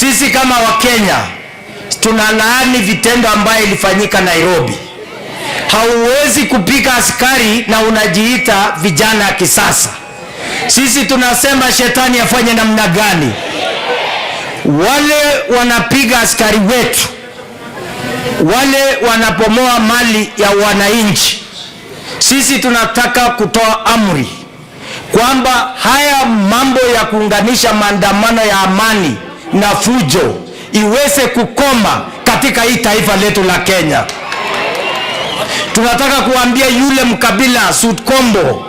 Sisi kama Wakenya tunalaani vitendo ambayo ilifanyika Nairobi. Hauwezi kupika askari na unajiita vijana ya kisasa. Sisi tunasema shetani afanye namna gani? Wale wanapiga askari wetu, wale wanapomoa mali ya wananchi, sisi tunataka kutoa amri kwamba haya mambo ya kuunganisha maandamano ya amani na fujo iweze kukoma katika hii taifa letu la Kenya. Tunataka kuambia yule mkabila Sutkombo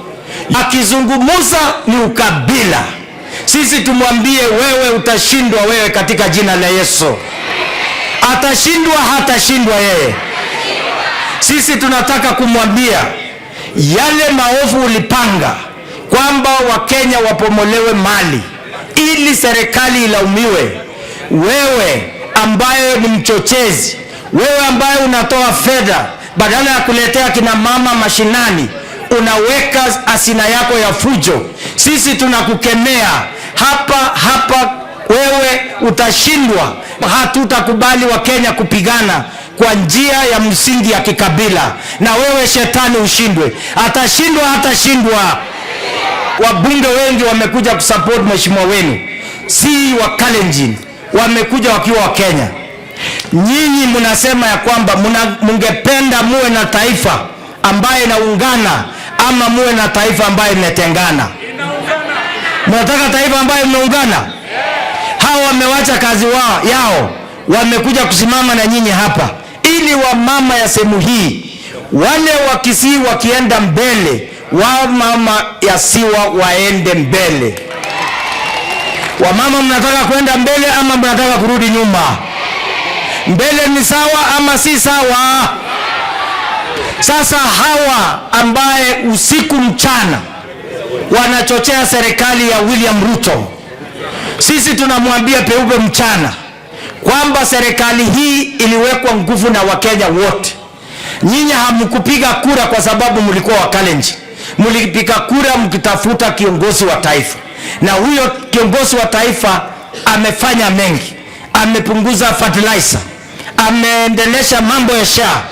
akizungumza akizungumuza ni ukabila, sisi tumwambie wewe utashindwa wewe, katika jina la Yesu. Atashindwa hatashindwa yeye. Sisi tunataka kumwambia yale maovu ulipanga kwamba Wakenya wapomolewe mali ili serikali ilaumiwe. Wewe ambaye ni mchochezi, wewe ambaye unatoa fedha badala ya kuletea kina mama mashinani, unaweka asina yako ya fujo. Sisi tunakukemea hapa hapa, wewe utashindwa. Hatutakubali Wakenya kupigana kwa njia ya msingi ya kikabila, na wewe shetani ushindwe. Atashindwa, atashindwa wabunge wengi wamekuja kusupport mheshimiwa wenu, si wa Kalenjin, wamekuja wakiwa wa Kenya. Nyinyi mnasema ya kwamba mungependa muwe na taifa ambaye inaungana ama muwe na taifa ambaye imetengana? Mnataka taifa ambaye imeungana? Hawa wamewacha kazi wao yao, wamekuja kusimama na nyinyi hapa, ili wamama ya sehemu hii wale wakisii wakienda mbele wamama yasiwa waende mbele. Wamama, mnataka kwenda mbele ama mnataka kurudi nyuma? Mbele ni sawa ama si sawa? Sasa hawa ambaye usiku mchana wanachochea serikali ya William Ruto, sisi tunamwambia peupe mchana kwamba serikali hii iliwekwa nguvu na Wakenya wote. Nyinyi hamkupiga kura kwa sababu mlikuwa wakalenji mlipiga kura mkitafuta kiongozi wa taifa, na huyo kiongozi wa taifa amefanya mengi, amepunguza fertilizer, ameendelesha mambo ya shaa